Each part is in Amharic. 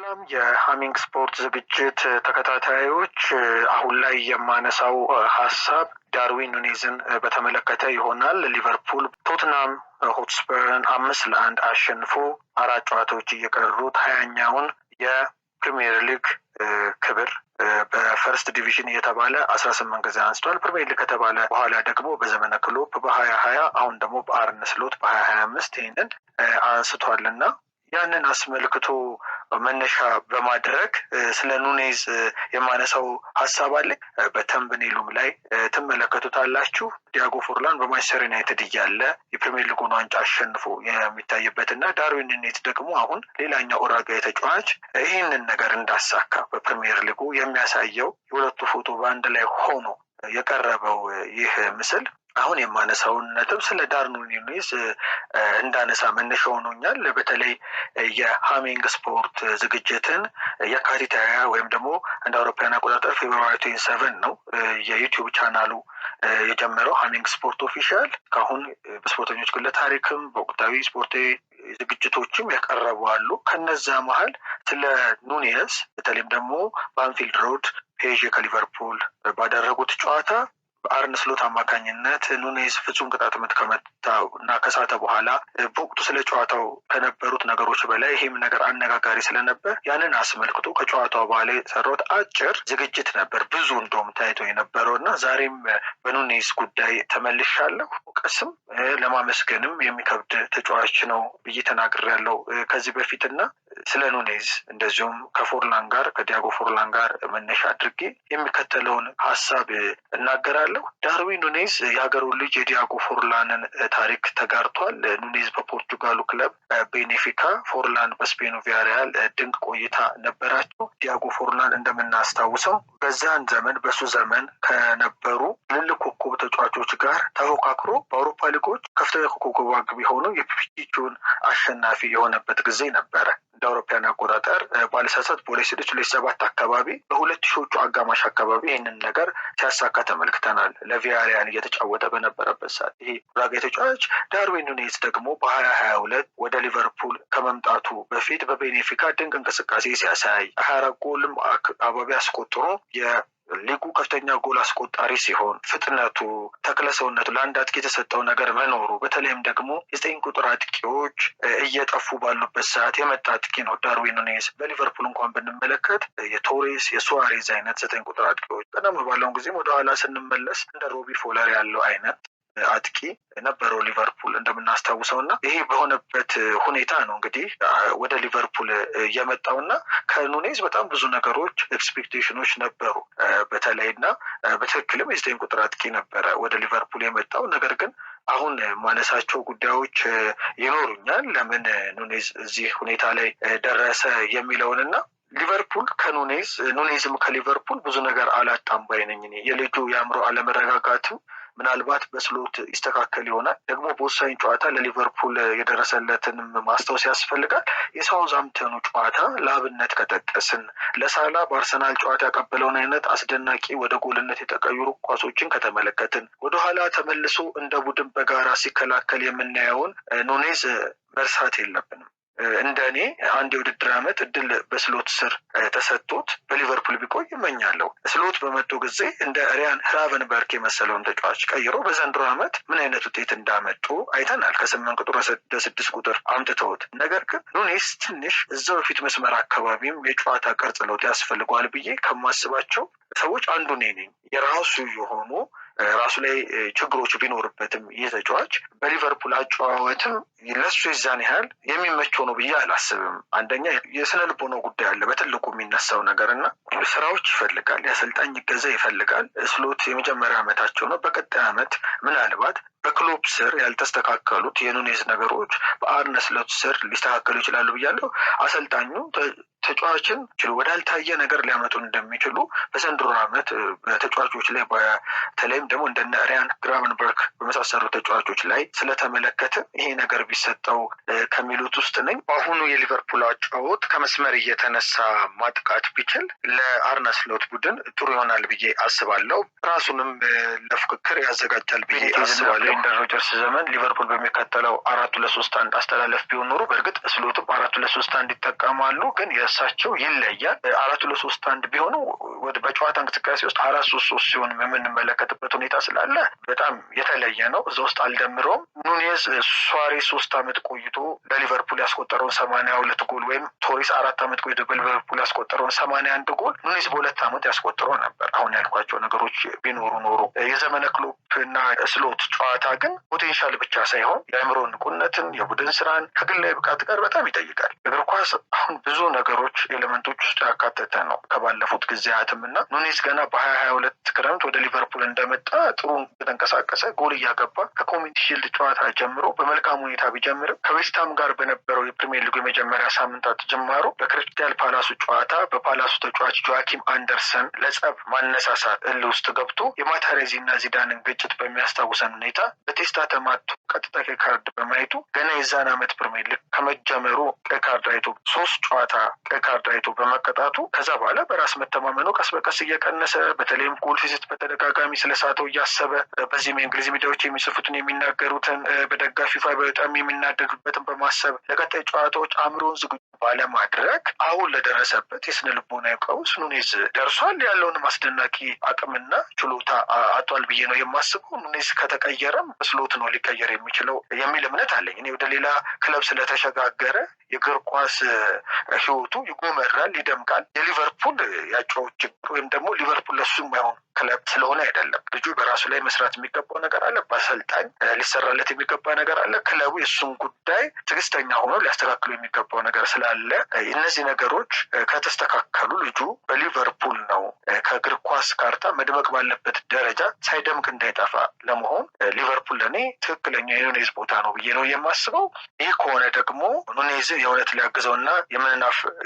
ሰላም የሀሚንግ ስፖርት ዝግጅት ተከታታዮች፣ አሁን ላይ የማነሳው ሀሳብ ዳርዊን ኑኔዝን በተመለከተ ይሆናል። ሊቨርፑል ቶትናም ሆትስፐርን አምስት ለአንድ አሸንፎ አራት ጨዋታዎች እየቀሩት ሀያኛውን የፕሪሚየር ሊግ ክብር በፈርስት ዲቪዥን እየተባለ አስራ ስምንት ጊዜ አንስቷል። ፕሪሚየር ሊግ ከተባለ በኋላ ደግሞ በዘመነ ክሎፕ በሀያ ሀያ አሁን ደግሞ በአርነ ስሎት በሀያ ሀያ አምስት ይህንን አንስቷል አንስቷልና ያንን አስመልክቶ መነሻ በማድረግ ስለ ኑኔዝ የማነሳው ሀሳብ አለ። በተምብኔሉም ላይ ትመለከቱታላችሁ። ዲያጎ ፎርላን በማንቸስተር ዩናይትድ እያለ የፕሪሚየር ሊጉን ዋንጫ አሸንፎ የሚታይበት እና ዳርዊን ኑኔዝ ደግሞ አሁን ሌላኛው ኡራጋዊ ተጫዋች ይህንን ነገር እንዳሳካ በፕሪሚየር ሊጉ የሚያሳየው የሁለቱ ፎቶ በአንድ ላይ ሆኖ የቀረበው ይህ ምስል አሁን የማነሳውን ነጥብ ስለ ዳርዊን ኑኔዝ እንዳነሳ መነሻ ሆኖኛል። በተለይ የሃሚንግ ስፖርት ዝግጅትን የካቲት ሃያ ወይም ደግሞ እንደ አውሮፓውያን አቆጣጠር ፌብርዋሪ ቱዌንቲ ሰቨን ነው የዩቲዩብ ቻናሉ የጀመረው ሃሚንግ ስፖርት ኦፊሻል ከአሁን በስፖርተኞች ግለ ታሪክም በወቅታዊ ስፖርታዊ ዝግጅቶችም ያቀረቡ አሉ። ከነዛ መሀል ስለ ኑኔዝ በተለይም ደግሞ በአንፊልድ ሮድ ፔዥ ከሊቨርፑል ባደረጉት ጨዋታ አርን ስሎት አማካኝነት ኑኔዝ ፍጹም ቅጣት ምት እና ከሳተ በኋላ በወቅቱ ስለ ጨዋታው ከነበሩት ነገሮች በላይ ይህም ነገር አነጋጋሪ ስለነበር ያንን አስመልክቶ ከጨዋታው በኋላ የሰራሁት አጭር ዝግጅት ነበር። ብዙ እንደውም ታይቶ የነበረው እና ዛሬም በኑኔዝ ጉዳይ ተመልሻለሁ። ቀስም ለማመስገንም የሚከብድ ተጫዋች ነው ብዬ ያለው ከዚህ በፊት እና ስለ ኑኔዝ እንደዚሁም ከፎርላን ጋር ከዲያጎ ፎርላን ጋር መነሻ አድርጌ የሚከተለውን ሀሳብ እናገራለሁ። አመሰግናለሁ። ዳርዊን ኑኔዝ የሀገሩ ልጅ የዲያጎ ፎርላንን ታሪክ ተጋርቷል። ኑኔዝ በፖርቱጋሉ ክለብ ቤኔፊካ፣ ፎርላን በስፔኑ ቪያሪያል ድንቅ ቆይታ ነበራቸው። ዲያጎ ፎርላን እንደምናስታውሰው በዛን ዘመን በሱ ዘመን ከነበሩ ትልልቅ ኮከብ ተጫዋቾች ጋር ተፎካክሮ በአውሮፓ ሊጎች ከፍተኛ ኮከብ ግብ የሆነው የፒፒቹን አሸናፊ የሆነበት ጊዜ ነበረ። እንደ አውሮፓያን አቆጣጠር ባለሳሳት በሁለት ስድስት ሁለት ሰባት አካባቢ በሁለት ሺዎቹ አጋማሽ አካባቢ ይህንን ነገር ሲያሳካ ተመልክተናል። ለቪያሪያን እየተጫወተ በነበረበት ሰዓት ይሄ ራጋ ተጫዋች ዳርዊን ኑኔዝ ደግሞ በሀያ ሀያ ሁለት ወደ ሊቨርፑል ከመምጣቱ በፊት በቤኔፊካ ድንቅ እንቅስቃሴ ሲያሳይ ሀያ አራት ጎልም አካባቢ አስቆጥሮ ሊጉ ከፍተኛ ጎል አስቆጣሪ ሲሆን ፍጥነቱ፣ ተክለ ሰውነቱ ለአንድ አጥቂ የተሰጠው ነገር መኖሩ በተለይም ደግሞ የዘጠኝ ቁጥር አጥቂዎች እየጠፉ ባሉበት ሰዓት የመጣ አጥቂ ነው ዳርዊን ኑኔዝ። በሊቨርፑል እንኳን ብንመለከት የቶሬስ የሱዋሬዝ አይነት ዘጠኝ ቁጥር አጥቂዎች ቀደም ባለውን ጊዜም ወደኋላ ስንመለስ እንደ ሮቢ ፎለር ያለው አይነት አጥቂ ነበረው ሊቨርፑል እንደምናስታውሰው እና ይሄ በሆነበት ሁኔታ ነው እንግዲህ ወደ ሊቨርፑል የመጣው እና ከኑኔዝ በጣም ብዙ ነገሮች ኤክስፔክቴሽኖች ነበሩ በተለይ እና በትክክልም የዘጠኝ ቁጥር አጥቂ ነበረ ወደ ሊቨርፑል የመጣው ነገር ግን አሁን ማነሳቸው ጉዳዮች ይኖሩኛል ለምን ኑኔዝ እዚህ ሁኔታ ላይ ደረሰ የሚለውን እና ሊቨርፑል ከኑኔዝ ኑኔዝም ከሊቨርፑል ብዙ ነገር አላጣም ባይነኝ የልጁ የአእምሮ አለመረጋጋትም ምናልባት በስሎት ይስተካከል ይሆናል። ደግሞ በወሳኝ ጨዋታ ለሊቨርፑል የደረሰለትንም ማስታወስ ያስፈልጋል። የሳውዝሃምፕተኑ ጨዋታ ለአብነት ከጠቀስን ለሳላ በአርሰናል ጨዋታ ያቀበለውን አይነት አስደናቂ ወደ ጎልነት የተቀየሩ ኳሶችን ከተመለከትን ወደኋላ ተመልሶ እንደ ቡድን በጋራ ሲከላከል የምናየውን ኑኔዝ መርሳት የለብንም። እንደ እኔ አንድ የውድድር ዓመት እድል በስሎት ስር ተሰጥቶት በሊቨርፑል ቢቆይ ይመኛለሁ። ስሎት በመጡ ጊዜ እንደ ሪያን ራቨንበርክ የመሰለውን ተጫዋች ቀይሮ በዘንድሮ ዓመት ምን አይነት ውጤት እንዳመጡ አይተናል። ከስምንት ቁጥር ወደ ስድስት ቁጥር አምጥተውት፣ ነገር ግን ኑኔስ ትንሽ እዛ በፊት መስመር አካባቢም የጨዋታ ቅርጽ ለውጥ ያስፈልገዋል ብዬ ከማስባቸው ሰዎች አንዱ እኔ ነኝ። የራሱ የሆኑ ራሱ ላይ ችግሮች ቢኖርበትም ይህ ተጫዋች በሊቨርፑል አጫዋወትም ለሱ የዛን ያህል የሚመቸው ነው ብዬ አላስብም። አንደኛ የስነ ልቦና ጉዳይ አለ በትልቁ የሚነሳው ነገር እና ስራዎች ይፈልጋል፣ የአሰልጣኝ እገዛ ይፈልጋል። ስሎት የመጀመሪያ ዓመታቸው ነው። በቀጣይ ዓመት ምናልባት በክሎፕ ስር ያልተስተካከሉት የኑኔዝ ነገሮች በአርነ ስሎት ስር ሊስተካከሉ ይችላሉ ብያለሁ። አሰልጣኙ ተጫዋችን ወዳልታየ ነገር ሊያመጡ እንደሚችሉ በዘንድሮ ዓመት በተጫዋቾች ላይ በተለይም ደግሞ እንደነ ሪያን ግራቨንበርግ በመሳሰሉ ተጫዋቾች ላይ ስለተመለከተ ይሄ ነገር ቢሰጠው ከሚሉት ውስጥ ነኝ። በአሁኑ የሊቨርፑል አጫወት ከመስመር እየተነሳ ማጥቃት ቢችል ለአርነ ቡድን ጥሩ ይሆናል ብዬ አስባለሁ። ራሱንም ለፉክክር ያዘጋጃል ብዬ አስባለሁ። እንደ ሮጀርስ ዘመን ሊቨርፑል በሚከተለው አራት ለሶስት ሶስት አንድ አስተላለፍ ቢሆን ኖሩ በእርግጥ ስሎትም አራቱ ለሶስት አንድ ይጠቀማሉ ግን እርሳቸው ይለያል። አራት ሁለት ሶስት አንድ ቢሆኑ በጨዋታ እንቅስቃሴ ውስጥ አራት ሶስት ሶስት ሲሆን የምንመለከትበት ሁኔታ ስላለ በጣም የተለየ ነው። እዛ ውስጥ አልደምረውም። ኑኔዝ ሷሬ ሶስት አመት ቆይቶ ለሊቨርፑል ያስቆጠረውን ሰማንያ ሁለት ጎል ወይም ቶሪስ አራት አመት ቆይቶ በሊቨርፑል ያስቆጠረውን ሰማንያ አንድ ጎል ኑኔዝ በሁለት አመት ያስቆጥረው ነበር። አሁን ያልኳቸው ነገሮች ቢኖሩ ኖሮ የዘመነ ክሎፕ እና ስሎት ጨዋታ ግን ፖቴንሻል ብቻ ሳይሆን የአእምሮ ንቁነትን፣ የቡድን ስራን ከግላዊ ብቃት ጋር በጣም ይጠይቃል። እግር ኳስ አሁን ብዙ ነገሮች ነገሮች ኤሌመንቶች ውስጥ ያካተተ ነው ከባለፉት ጊዜያትም እና ኑኔዝ ገና በሀያ ሀያ ሁለት ክረምት ወደ ሊቨርፑል እንደመጣ ጥሩ የተንቀሳቀሰ ጎል እያገባ ከኮሚኒቲ ሺልድ ጨዋታ ጀምሮ በመልካም ሁኔታ ቢጀምርም ከዌስትሃም ጋር በነበረው የፕሪሚየር ሊጉ የመጀመሪያ ሳምንታት ጅማሮ በክሪስታል ፓላሱ ጨዋታ በፓላሱ ተጫዋች ጆዋኪም አንደርሰን ለጸብ ማነሳሳት እል ውስጥ ገብቶ የማታሬዚ እና ዚዳንን ግጭት በሚያስታውሰን ሁኔታ በቴስታ ተማቱ ቀጥታ ቀይ ካርድ በማየቱ ገና የዛን አመት ፕሪሚየር ሊግ ከመጀመሩ ቀይ ካርድ አይቶ ሶስት ጨዋታ ካርድ አይቶ በመቀጣቱ ከዛ በኋላ በራስ መተማመኑ ቀስ በቀስ እየቀነሰ በተለይም ጎል ሲስት በተደጋጋሚ ስለሳተው እያሰበ በዚህም የእንግሊዝ ሚዲያዎች የሚጽፉትን የሚናገሩትን በደጋፊ ፋይ በጣም የሚናደዱበትን በማሰብ ለቀጣይ ጨዋታዎች አእምሮውን ዝግጁ ባለማድረግ አሁን ለደረሰበት የስነ ልቦና ቀውስ ኑኔዝ ደርሷል። ያለውንም አስደናቂ አቅምና ችሎታ አቷል ብዬ ነው የማስበው። ኑኔዝ ከተቀየረም ስሎት ነው ሊቀየር የሚችለው የሚል እምነት አለኝ። እኔ ወደ ሌላ ክለብ ስለተሸጋገረ የእግር ኳስ ህይወቱ ይጎመራል፣ ይደምቃል። የሊቨርፑል የአጨዋወት ወይም ደግሞ ሊቨርፑል ለሱ የማይሆን ክለብ ስለሆነ አይደለም። ልጁ በራሱ ላይ መስራት የሚገባው ነገር አለ። በአሰልጣኝ ሊሰራለት የሚገባ ነገር አለ። ክለቡ የእሱን ጉዳይ ትዕግስተኛ ሆኖ ሊያስተካክሉ የሚገባው ነገር ስላለ እነዚህ ነገሮች ከተስተካከሉ ልጁ በሊቨርፑል ነው ከእግር ኳስ ካርታ መድመቅ ባለበት ደረጃ ሳይደምቅ እንዳይጠፋ ለመሆን ሊቨርፑል ለእኔ ትክክለኛ የኑኔዝ ቦታ ነው ብዬ ነው የማስበው። ይህ ከሆነ ደግሞ ኑኔዝ የእውነት ሊያግዘው እና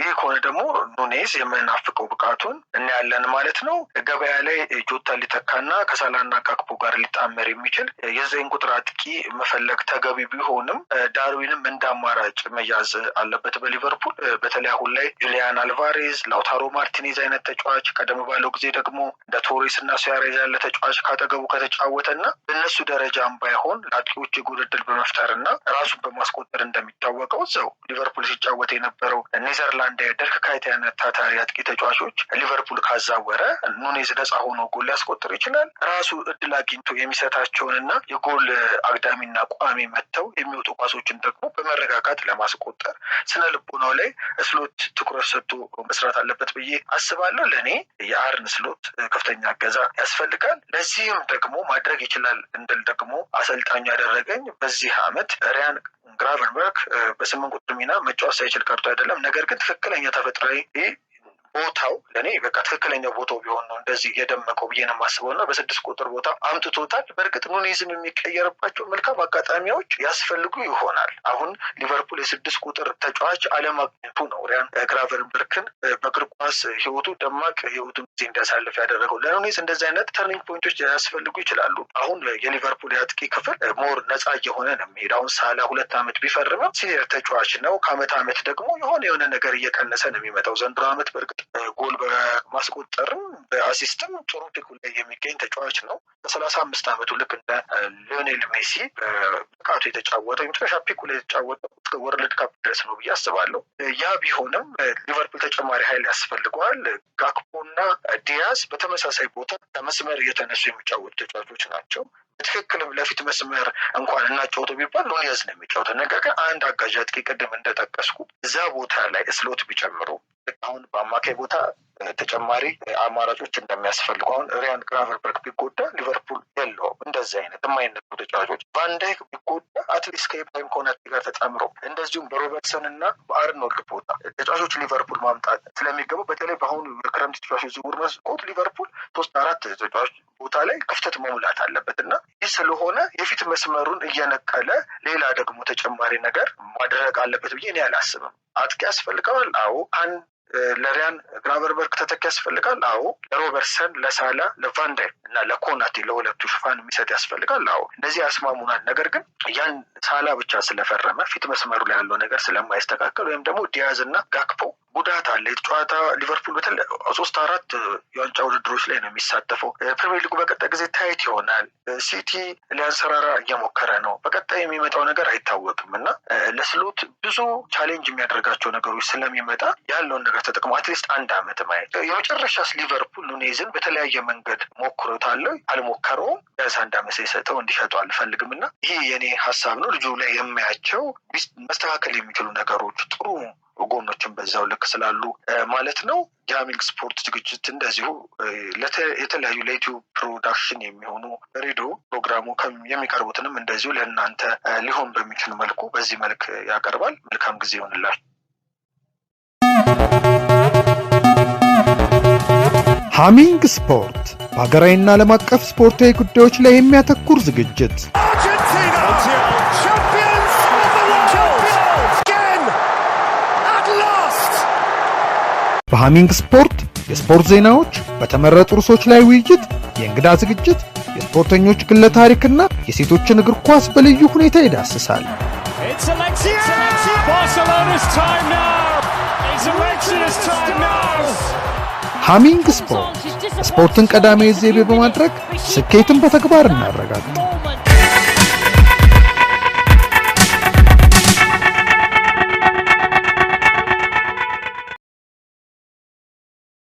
ይህ ከሆነ ደግሞ ኑኔዝ የምንናፍቀው ብቃቱን እናያለን ማለት ነው ገበያ ላይ ጆታን ሊተካና ከሳላና ካክፖ ጋር ሊጣመር የሚችል የዘጠኝ ቁጥር አጥቂ መፈለግ ተገቢ ቢሆንም ዳርዊንም እንደ አማራጭ መያዝ አለበት። በሊቨርፑል በተለይ አሁን ላይ ጁሊያን አልቫሬዝ፣ ላውታሮ ማርቲኔዝ አይነት ተጫዋች ቀደም ባለው ጊዜ ደግሞ እንደ ቶሬስ እና ሱያሬዝ ያለ ተጫዋች ካጠገቡ ከተጫወተ ከተጫወተና በእነሱ ደረጃም ባይሆን ለአጥቂዎች የጉድድል በመፍጠር በመፍጠርና ራሱን በማስቆጠር እንደሚታወቀው እዛው ሊቨርፑል ሲጫወት የነበረው ኔዘርላንድ ደርክ ካይት ያነት ታታሪ አጥቂ ተጫዋቾች ሊቨርፑል ካዛወረ ኑኔዝ ነጻ ሆኖ ጎል ሊያስቆጥር ይችላል። ራሱ እድል አግኝቶ የሚሰጣቸውን የጎል አግዳሚና ቋሚ መጥተው የሚወጡ ኳሶችን ደግሞ በመረጋጋት ለማስቆጠር ስነ ልቦናው ላይ ስሎት ትኩረት ሰጥቶ መስራት አለበት ብዬ አስባለሁ። ለእኔ የአርን ስሎት ከፍተኛ እገዛ ያስፈልጋል። ለዚህም ደግሞ ማድረግ ይችላል እንድል ደግሞ አሰልጣኙ ያደረገኝ በዚህ አመት ሪያን ግራቨንበርክ በስምንት ቁጥር ሚና መጫወት ሳይችል ቀርቶ አይደለም። ነገር ግን ትክክለኛ ተፈጥሯዊ ቦታው ለእኔ በቃ ትክክለኛው ቦታው ቢሆን ነው እንደዚህ የደመቀው ብዬ ነው የማስበው እና በስድስት ቁጥር ቦታ አምጥቶታል። በእርግጥ ኑኔዝም የሚቀየርባቸው መልካም አጋጣሚዎች ያስፈልጉ ይሆናል። አሁን ሊቨርፑል የስድስት ቁጥር ተጫዋች አለማግኘቱ ነው ሪያን ግራቨንበርክን በእግር ኳስ ህይወቱ ደማቅ ህይወቱን ጊዜ እንዲያሳልፍ ያደረገው። ለኑኔዝ እንደዚህ አይነት ተርኒንግ ፖይንቶች ያስፈልጉ ይችላሉ። አሁን የሊቨርፑል የአጥቂ ክፍል ሞር ነጻ እየሆነ ነው የሚሄድ። አሁን ሳላ ሁለት አመት ቢፈርምም ሲኒየር ተጫዋች ነው። ከአመት አመት ደግሞ የሆነ የሆነ ነገር እየቀነሰ ነው የሚመጣው። ዘንድሮ አመት በእርግጥ ጎል በማስቆጠርም በአሲስትም ጥሩ ፒኩ ላይ የሚገኝ ተጫዋች ነው። በሰላሳ አምስት ዓመቱ ልክ እንደ ሊዮኔል ሜሲ በብቃቱ የተጫወተው የመጨረሻ ፒኩ ላይ የተጫወተው እስከ ወርልድ ካፕ ድረስ ነው ብዬ አስባለሁ። ያ ቢሆንም ሊቨርፑል ተጨማሪ ኃይል ያስፈልገዋል። እና ዲያስ በተመሳሳይ ቦታ ከመስመር እየተነሱ የሚጫወቱ ተጫዋቾች ናቸው። ትክክልም ለፊት መስመር እንኳን እናጫወተው ቢባል ኑኔዝ ነው የሚጫወተው። ነገር ግን አንድ አጋዥ አጥቂ ቅድም እንደጠቀስኩ እዛ ቦታ ላይ ስሎት ቢጨምሩ አሁን በአማካይ ቦታ ተጨማሪ አማራጮች እንደሚያስፈልጉ አሁን ሪያን ግራቨንበርግ ቢጎዳ ሊቨርፑል የለውም እንደዚህ አይነት የማይነቱ ተጫዋቾች ቫንዳይክ ቢጎዳ አትሊስት ከኢብራሂም ኮናቴ ጋር ተጣምሮ እንደዚሁም በሮበርትሰን እና በአርኖልድ ቦታ ተጫዋቾች ሊቨርፑል ማምጣት ስለሚገባው በተለይ በአሁኑ የክረምት ተጫዋቾች ዝውውር መስኮት ሊቨርፑል ሶስት አራት ተጫዋች ቦታ ላይ ክፍተት መሙላት አለበት እና ይህ ስለሆነ የፊት መስመሩን እየነቀለ ሌላ ደግሞ ተጨማሪ ነገር ማድረግ አለበት ብዬ እኔ አላስብም። አጥቂ ያስፈልገዋል። አዎ አንድ ለሪያን ግራቨርበርግ ተተኪ ያስፈልጋል? አዎ። ለሮበርሰን፣ ለሳላ፣ ለቫንዳይ እና ለኮናቴ ለሁለቱ ሽፋን የሚሰጥ ያስፈልጋል? አዎ። እነዚህ ያስማሙናል። ነገር ግን ያን ሳላ ብቻ ስለፈረመ ፊት መስመሩ ላይ ያለው ነገር ስለማይስተካከል ወይም ደግሞ ዲያዝ እና ጋክፖ ጉዳት አለ። የተጨዋታ ሊቨርፑል በተለ ሶስት አራት የዋንጫ ውድድሮች ላይ ነው የሚሳተፈው። ፕሪሚየር ሊጉ በቀጣይ ጊዜ ታይት ይሆናል። ሲቲ ሊያንሰራራ እየሞከረ ነው። በቀጣይ የሚመጣው ነገር አይታወቅም እና ለስሎት ብዙ ቻሌንጅ የሚያደርጋቸው ነገሮች ስለሚመጣ ያለውን ነገር ተጠቅሞ አትሊስት አንድ አመት ማየት የመጨረሻስ ሊቨርፑል ኑኔዝን በተለያየ መንገድ ሞክሮታል። አልሞከረውም። ቢያንስ አንድ አመት ሳይሰጠው እንዲሸጠው አልፈልግም እና ይሄ የኔ ሀሳብ ነው። ልጁ ላይ የሚያቸው መስተካከል የሚችሉ ነገሮች ጥሩ ጎኖችን በዛው ልክ ስላሉ ማለት ነው። የሃሚንግ ስፖርት ዝግጅት እንደዚሁ የተለያዩ ለዩቲዩብ ፕሮዳክሽን የሚሆኑ ሬዲዮ ፕሮግራሙ የሚቀርቡትንም እንደዚሁ ለእናንተ ሊሆን በሚችል መልኩ በዚህ መልክ ያቀርባል። መልካም ጊዜ ይሆንላል። ሃሚንግ ስፖርት በሀገራዊና ዓለም አቀፍ ስፖርታዊ ጉዳዮች ላይ የሚያተኩር ዝግጅት በሃሚንግ ስፖርት የስፖርት ዜናዎች፣ በተመረጡ ርዕሶች ላይ ውይይት፣ የእንግዳ ዝግጅት፣ የስፖርተኞች ግለ ታሪክና የሴቶችን እግር ኳስ በልዩ ሁኔታ ይዳስሳል። ሃሚንግ ስፖርት ስፖርትን ቀዳሚ ዘይቤ በማድረግ ስኬትን በተግባር እናረጋግጥ።